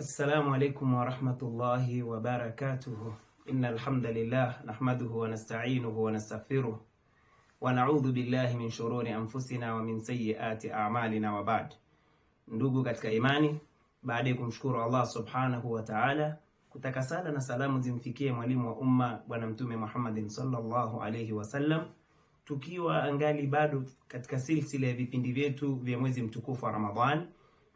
Assalamu alaikum warahmatullahi wabarakatuhu inna alhamdulillah nahmaduhu wa nasta'inuhu wa nastaghfiruh wa na'udhu billahi min shururi anfusina wa min sayiati a'malina wa ba'd. Ndugu katika imani, baada ya kumshukuru Allah subhanahu wa ta'ala, kutaka sala na salamu zimfikie mwalimu wa umma Bwana Mtume Muhammadin sallallahu alayhi wasallam, tukiwa angali bado katika silsila ya vipindi vyetu vya mwezi mtukufu wa Ramadhani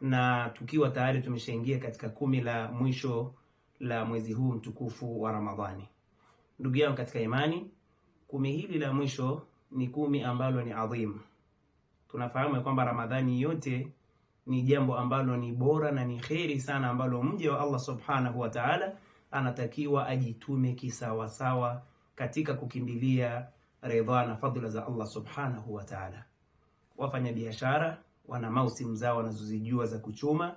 na tukiwa tayari tumeshaingia katika kumi la mwisho la mwezi huu mtukufu wa Ramadhani. Ndugu yangu katika imani, kumi hili la mwisho ni kumi ambalo ni adhim. Tunafahamu kwamba Ramadhani yote ni jambo ambalo ni bora na ni kheri sana, ambalo mja wa Allah subhanahu wa ta'ala anatakiwa ajitume kisawasawa katika kukimbilia ridha na fadhila za Allah subhanahu wa ta'ala. Wafanya biashara wana mausimu zao wanazozijua za kuchuma,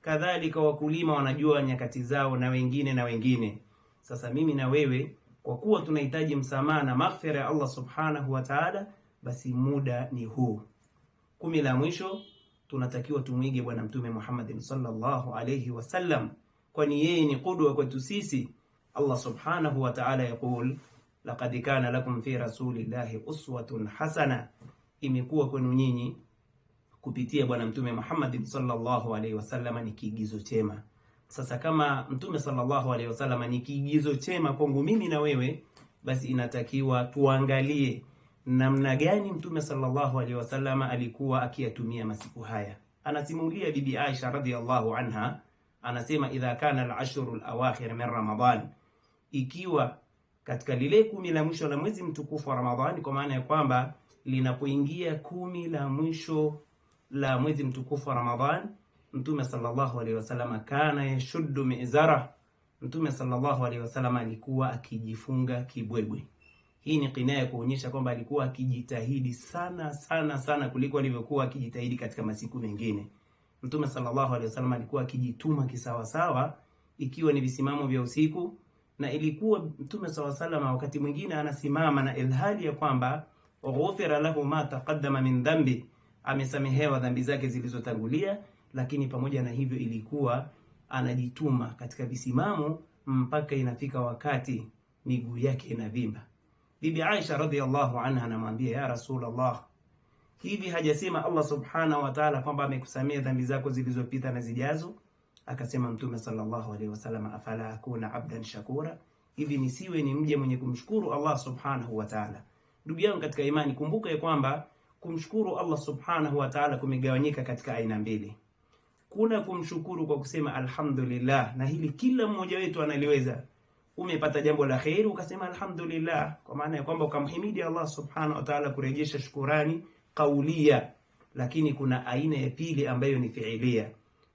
kadhalika wakulima wanajua nyakati zao na wengine na wengine. Sasa mimi na wewe kwa kuwa tunahitaji msamaha na maghfira ya Allah subhanahu wa ta'ala, basi muda ni huu. Kumi la mwisho tunatakiwa tumwige Bwana Mtume Muhammad sallallahu alayhi wasallam, kwani yeye ni kudwa kwetu sisi. Allah subhanahu wa ta'ala yaqul laqad kana lakum fi rasulillahi uswatun hasana, imekuwa kwenu nyinyi kupitia Bwana Mtume Muhammad sallallahu alaihi wasallam ni kiigizo chema. Sasa kama Mtume sallallahu alaihi wasallam ni kiigizo chema kwangu mimi na wewe, basi inatakiwa tuangalie namna gani Mtume sallallahu alaihi wasallam alikuwa akiyatumia masiku haya. Anasimulia Bibi Aisha radhiallahu anha anasema, idha kana al-ashru al-awakhir min Ramadan, ikiwa katika lile kumi la mwisho la mwezi mtukufu wa Ramadhani, kwa maana ya kwamba linapoingia kumi la mwisho la mwezi mtukufu wa Ramadhan, Mtume sallallahu alaihi wasallam kana yashuddu mizara, Mtume sallallahu alaihi wasallam alikuwa akijifunga kibwebwe. Hii ni kinaya kuonyesha kwamba alikuwa akijitahidi sana sana sana kuliko alivyokuwa akijitahidi katika masiku mengine. Mtume sallallahu alaihi wasallam alikuwa akijituma kisawasawa, ikiwa ni visimamo vya usiku, na ilikuwa Mtume sallallahu alaihi wasallam wakati mwingine anasimama na ilhali ya kwamba ghufira lahu ma taqaddama min dhanbi amesamehewa dhambi zake zilizotangulia, lakini pamoja na hivyo ilikuwa anajituma katika visimamo mpaka inafika wakati miguu yake inavimba. Bibi Aisha radhiallahu anha anamwambia, ya Rasulullah, hivi hajasema Allah subhanahu wa ta'ala kwamba amekusamea dhambi zako zilizopita na zijazo? Akasema Mtume sallallahu alaihi wasallam, afala akuna abdan shakura, hivi nisiwe ni mje mwenye kumshukuru Allah subhanahu wa ta'ala? Ndugu yangu katika imani, kumbuka ya kwamba kumshukuru Allah subhanahu wa ta'ala kumegawanyika katika aina mbili. Kuna kumshukuru kwa kusema alhamdulillah, na hili kila mmoja wetu analiweza. Umepata jambo la kheri ukasema alhamdulillah, kwa maana ya kwamba ukamhimidi Allah subhanahu wa ta'ala, kurejesha shukurani kaulia. Lakini kuna aina ya pili ambayo ni fiilia.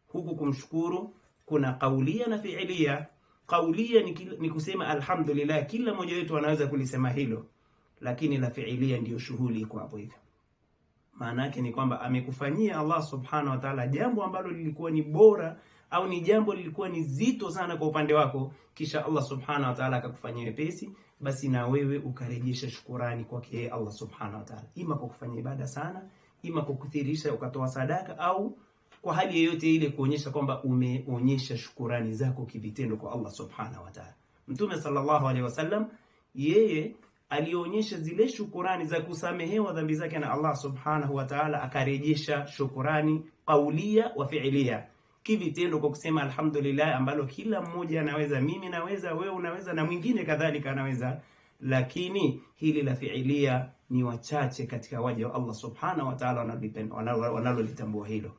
Huku kumshukuru kuna kaulia na fiilia. Kaulia ni, ni kusema alhamdulillah, kila mmoja wetu anaweza kulisema hilo, lakini la fiilia ndiyo shughuli iko hapo hivyo. Maana yake ni kwamba amekufanyia Allah subhanahu wa ta'ala jambo ambalo lilikuwa ni bora au ni jambo lilikuwa ni zito sana kwa upande wako, kisha Allah subhanahu wa ta'ala akakufanyia wepesi, basi na wewe ukarejesha shukurani kwake yeye Allah subhanahu wa ta'ala, ima kwa kufanya ibada sana, ima kwa kuthirisha ukatoa sadaka, au kwa hali yeyote ile kuonyesha kwamba umeonyesha shukurani zako kivitendo kwa Allah subhanahu wa ta'ala. Mtume sallallahu alaihi wasallam yeye alionyesha zile shukurani za kusamehewa dhambi zake na Allah subhanahu wa ta'ala, akarejesha shukurani kaulia wa fiilia, kivitendo kwa kusema alhamdulillah, ambalo kila mmoja anaweza. Mimi naweza, wewe unaweza, na mwingine kadhalika anaweza, lakini hili la fiilia ni wachache katika waja wa Allah subhanahu wa ta'ala wanalolitambua hilo.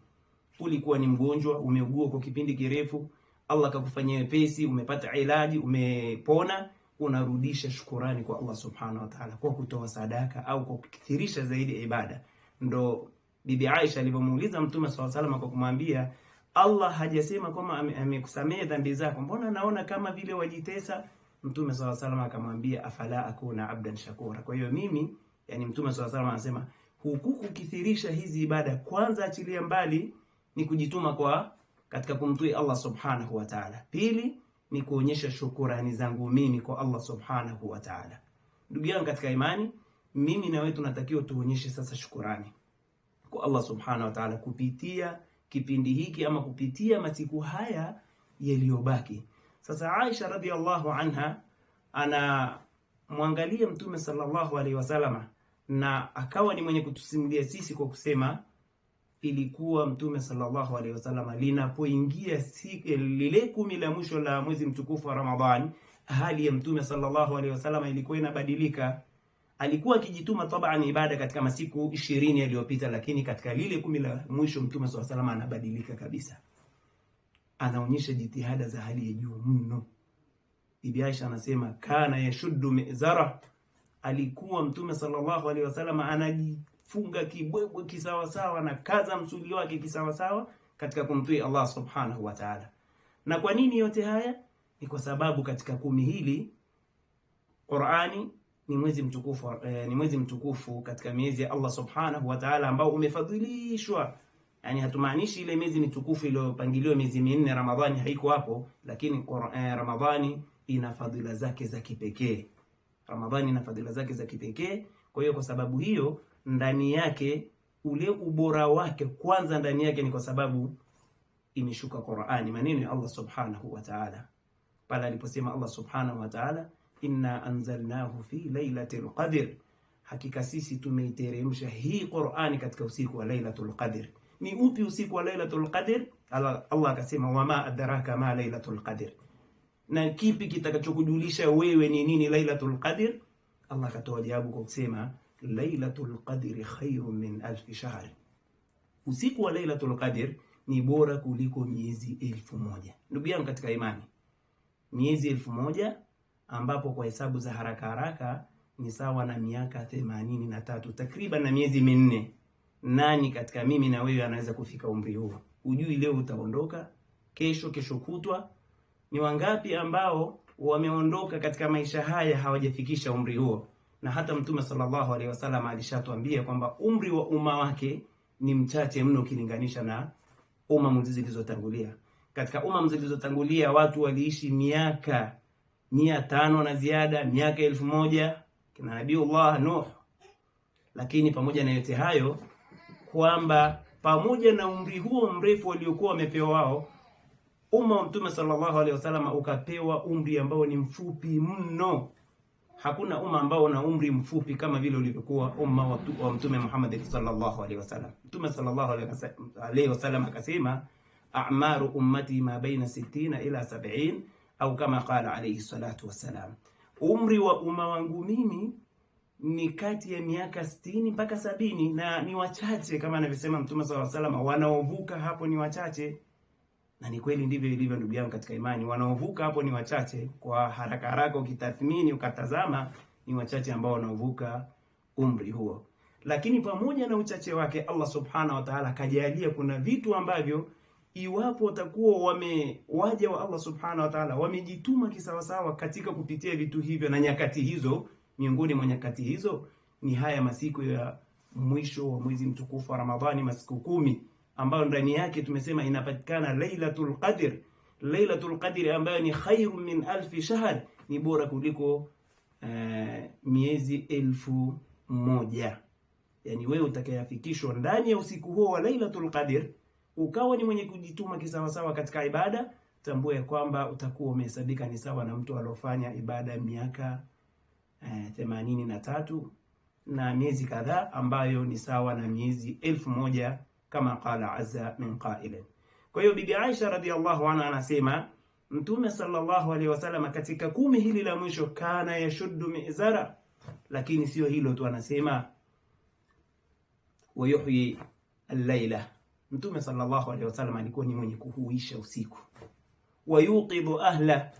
Ulikuwa ni mgonjwa, umeugua kwa kipindi kirefu, Allah kakufanyia wepesi, umepata ilaji, umepona unarudisha shukurani kwa Allah subhanahu wa ta'ala kwa kutoa sadaka au kwa kukithirisha zaidi ibada. Ndo Bibi Aisha alivyomuuliza Mtume swalla salama kwa kumwambia, Allah hajasema kwamba amekusamehe dhambi zako, mbona naona kama vile wajitesa? Mtume swalla salama akamwambia, afala akuna abdan shakura. Kwa hiyo mimi, yani Mtume swalla salama anasema huku kukithirisha hizi ibada, kwanza achilia mbali ni kujituma kwa katika kumtii Allah subhanahu wa ta'ala, pili ni kuonyesha shukurani zangu mimi kwa Allah subhanahu wa ta'ala. Ndugu yangu katika imani, mimi na wewe tunatakiwa tuonyeshe sasa shukurani kwa Allah subhanahu wa ta'ala kupitia kipindi hiki ama kupitia masiku haya yaliyobaki. Sasa Aisha radhiallahu anha anamwangalia Mtume sallallahu alaihi wasallam na akawa ni mwenye kutusimulia sisi kwa kusema ilikuwa Mtume sallallahu alaihi wasallam linapoingia si, lile kumi la mwisho la mwezi mtukufu wa Ramadhani, hali ya Mtume sallallahu alaihi wasallam ilikuwa inabadilika. Alikuwa akijituma tabaan ibada katika masiku ishirini yaliyopita, lakini katika lile kumi la mwisho Mtume sallallahu alaihi wasallam anabadilika kabisa, anaonyesha jitihada za hali ya juu mno. Bibi Aisha anasema kana yashuddu mizara, alikuwa Mtume sallallahu alaihi wasallam anaji funga kibwebwe kisawasawa na kaza msuli wake kisawasawa katika kumtii Allah subhanahu wa ta'ala. Na kwa nini yote haya? Ni kwa sababu katika kumi hili Qur'ani ni mwezi mtukufu eh, ni mwezi mtukufu katika miezi ya Allah subhanahu wa ta'ala ambao umefadhilishwa. Yani hatumaanishi ile miezi mitukufu iliyopangiliwa miezi minne, Ramadhani haiko hapo, lakini eh, Ramadhani ina fadhila zake za kipekee. Ramadhani ina fadhila zake za kipekee. Kwa hiyo kwa sababu hiyo ndani yake ule ubora wake kwanza ndani yake ni kwa sababu imeshuka Qur'ani, maneno ya Allah subhanahu wa ta'ala, pale aliposema Allah subhanahu wa ta'ala, inna anzalnahu fi lailatul qadr, hakika sisi tumeiteremsha hii Qur'ani katika usiku wa lailatul qadr. Ni upi usiku wa lailatul qadr? Allah akasema, wama adraka ma lailatul qadr, na kipi kitakachokujulisha wewe ni nini lailatul qadr? Allah akatoa jibu kwa kusema Lailatul Qadri khairu min alfi shahr, usiku wa Lailatul Qadr ni bora kuliko miezi elfu moja. Ndugu yangu katika imani, miezi elfu moja ambapo kwa hesabu za haraka haraka ni sawa na miaka themanini na tatu takriban na miezi minne. Nani katika mimi na wewe anaweza kufika umri huo? Hujui leo utaondoka, kesho, kesho kutwa. Ni wangapi ambao wameondoka katika maisha haya hawajafikisha umri huo? na hata Mtume sallallahu alaihi wasallam alishatuambia kwamba umri wa umma wake ni mchache mno ukilinganisha na umma zilizotangulia. Katika umma zilizotangulia watu waliishi miaka mia tano na ziada, miaka elfu moja kina Nabiullah Nuh. Lakini pamoja na yote hayo, kwamba pamoja na umri huo mrefu waliokuwa wamepewa wao, umma wa Mtume sallallahu alaihi wasallam ukapewa umri ambao ni mfupi mno hakuna umma ambao una umri mfupi kama vile ulivyokuwa umma wa Mtume Muhammad sallallahu alaihi wasallam. Mtume sallallahu alaihi wasallam akasema, a'maru ummati ma baina 60 ila 70 au kama qala alaihi salatu wasalam, umri wa umma wangu mimi ni kati ya miaka 60 mpaka 70, na ni wachache kama anavyosema Mtume sallallahu alaihi wasallam, wanaovuka hapo ni wachache. Na ni kweli ndivyo ilivyo, ndugu yangu katika imani. Wanaovuka hapo ni wachache, kwa haraka haraka ukitathmini, ukatazama, ni wachache ambao wanaovuka umri huo. Lakini pamoja na uchache wake, Allah subhanahu wa ta'ala kajalia kuna vitu ambavyo iwapo watakuwa wame waja wa Allah subhanahu wa ta'ala wamejituma kisawasawa katika kupitia vitu hivyo na nyakati hizo, miongoni mwa nyakati hizo ni haya masiku ya mwisho wa mwezi mtukufu wa Ramadhani, masiku kumi ambayo ndani yake tumesema inapatikana Lailatul Qadr. Lailatul Qadr ambayo ni khairu min alfi shahr, ni bora kuliko uh, miezi elfu moja. Yani wewe utakayafikishwa ndani ya usiku huo wa Lailatul Qadr ukawa ni mwenye kujituma kisawasawa katika ibada, tambua kwamba utakuwa umehesabika ni sawa na mtu aliofanya ibada miaka uh, na na miezi kadhaa ambayo ni sawa na miezi elfu moja kama qala azza min qailin. Kwa hiyo Bibi Aisha radhiallahu anha anasema Mtume sallallahu alaihi wasallam katika kumi hili la mwisho, kana yashuddu mizara. Lakini sio hilo tu, anasema wayuhyi al-laila, Mtume sallallahu alaihi wasallam alikuwa ni mwenye kuhuisha usiku, wayuqidhu ahla.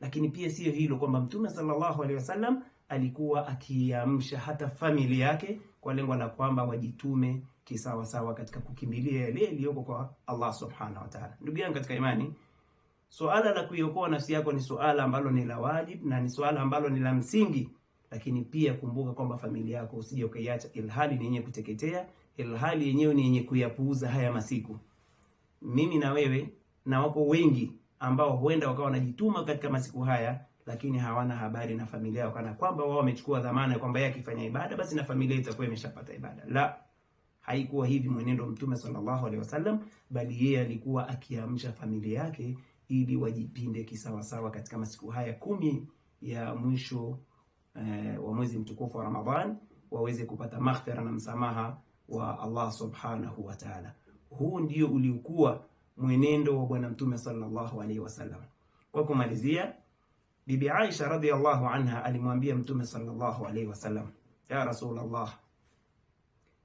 Lakini pia sio hilo kwamba Mtume sallallahu alaihi wasallam alikuwa akiamsha hata familia yake kwa lengo la kwamba wajitume kisawa sawa katika kukimbilia yale yaliyoko kwa Allah subhanahu wa ta'ala. Ndugu yangu katika imani, suala la kuiokoa nafsi yako ni suala ambalo ni la wajibu na ni suala ambalo ni la msingi, lakini pia kumbuka kwamba familia yako usije ukaiacha, ilhali ni yenye kuteketea, ilhali yenyewe ni yenye kuyapuuza haya masiku. Mimi na wewe na wako wengi ambao huenda wakawa wanajituma katika masiku haya lakini hawana habari na familia yao, kana kwamba wao wamechukua dhamana kwamba yeye akifanya ibada basi na familia itakuwa imeshapata ibada. La, Haikuwa hivi mwenendo wa Mtume sallallahu alaihi wasallam, bali yeye alikuwa akiamsha familia yake ili wajipinde kisawasawa katika masiku haya kumi ya mwisho eh, wa mwezi mtukufu wa Ramadhan waweze kupata maghfira na msamaha wa Allah subhanahu wa ta'ala. Huu ndio uliokuwa mwenendo wa Bwana Mtume sallallahu alaihi wasallam. Kwa kumalizia, Bibi Aisha radhiallahu anha alimwambia Mtume sallallahu alaihi wasallam, ya Rasulullah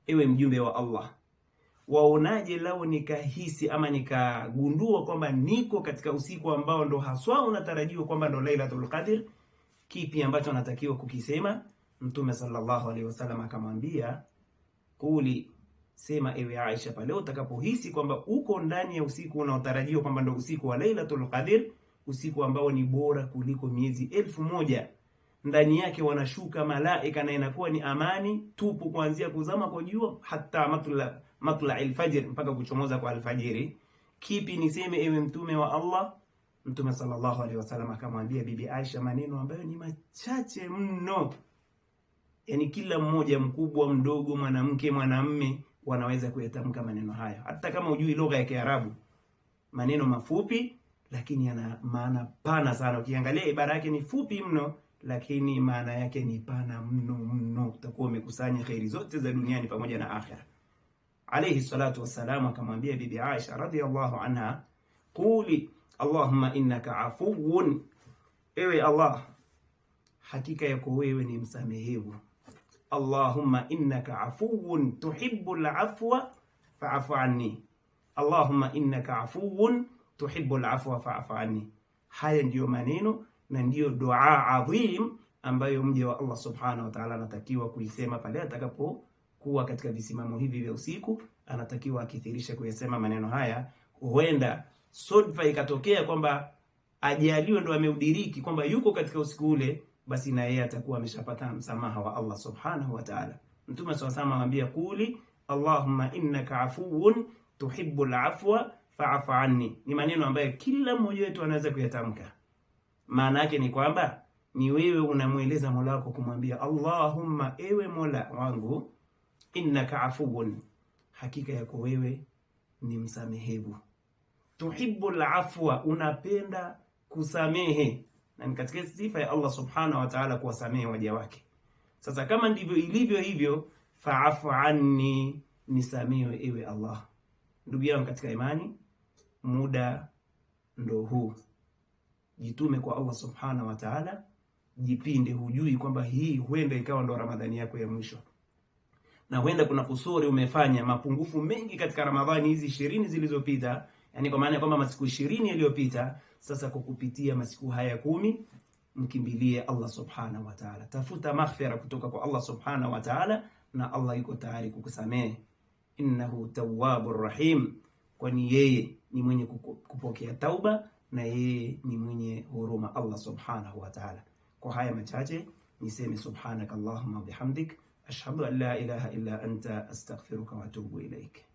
ewe mjumbe wa Allah, waonaje lau nikahisi ama nikagundua kwamba niko katika usiku ambao ndo haswa unatarajiwa kwamba ndo Lailatul Qadr? Kipi ambacho anatakiwa kukisema? Mtume sallallahu alaihi wasallam akamwambia, kuli sema, ewe Aisha, pale utakapohisi kwamba uko ndani ya usiku unaotarajiwa kwamba ndo usiku wa Lailatul Qadr, usiku ambao ni bora kuliko miezi elfu moja ndani yake wanashuka malaika na inakuwa ni amani tupu kuanzia kuzama kwa jua hata matla matla alfajr mpaka kuchomoza kwa alfajiri. Kipi niseme, ewe mtume wa Allah? Mtume sallallahu alaihi wasallam akamwambia bibi Aisha maneno ambayo ni machache mno, yani kila mmoja, mkubwa, mdogo, mwanamke, mwanamme, wanaweza kuyatamka maneno hayo, hata kama ujui lugha ya Kiarabu. Maneno mafupi, lakini yana maana pana sana. Ukiangalia ibara yake ni fupi mno lakini maana yake ni pana mno mno, utakuwa umekusanya kheri zote za duniani pamoja na akhira. Alayhi salatu wassalam akamwambia bibi Aisha radhiyallahu anha, quli allahumma innaka afuwun, ewe Allah, hakika yako wewe ni msamehevu. Allahumma innaka afuwun tuhibbul afwa fa'fu anni, Allahumma innaka afuwun tuhibbul afwa fa'fu anni. Haya ndiyo maneno na ndiyo dua adhim ambayo mja wa Allah subhanahu wa ta'ala anatakiwa kuisema pale atakapokuwa katika visimamo hivi vya usiku, anatakiwa akithirisha kuyasema maneno haya. Huenda sodfa ikatokea kwamba ajaliwe ndo ameudiriki kwamba yuko katika usiku ule, basi na yeye atakuwa ameshapata msamaha wa Allah subhanahu wa ta'ala. Mtume swalla sallam anambia kuli Allahumma innaka afuwun tuhibbul afwa fa'fu anni. Ni maneno ambayo kila mmoja wetu anaweza kuyatamka. Maana yake ni kwamba ni wewe unamweleza Mola wako kumwambia, Allahumma, ewe Mola wangu, innaka afuun hakika yako wewe ni msamehevu. tuhibu afwa, unapenda kusamehe, na ni katika sifa ya Allah subhanahu wa ta'ala kuwasamehe waja wake. Sasa kama ndivyo ilivyo hivyo, faafu anni, nisamehe ewe Allah. Ndugu yangu katika imani, muda ndo huu jitume kwa Allah subhanahu wa ta'ala, jipinde. Hujui kwamba hii huenda ikawa ndo Ramadhani yako ya mwisho, na huenda kuna kusuri umefanya mapungufu mengi katika Ramadhani hizi ishirini zilizopita, yani kwa maana kwamba masiku ishirini yaliyopita. Sasa kwa kupitia masiku haya kumi mkimbilie Allah subhanahu wa ta'ala, tafuta maghfira kutoka kwa Allah subhanahu wa ta'ala, na Allah yuko tayari kukusamehe. Innahu tawwabur rahim, kwani yeye ni mwenye kupokea tauba na yeye ni mwenye huruma Allah subhanahu wa ta'ala. Kwa haya machache niseme subhanak allahumma bihamdik ashhadu an la ilaha illa anta astaghfiruka wa atubu ilaik.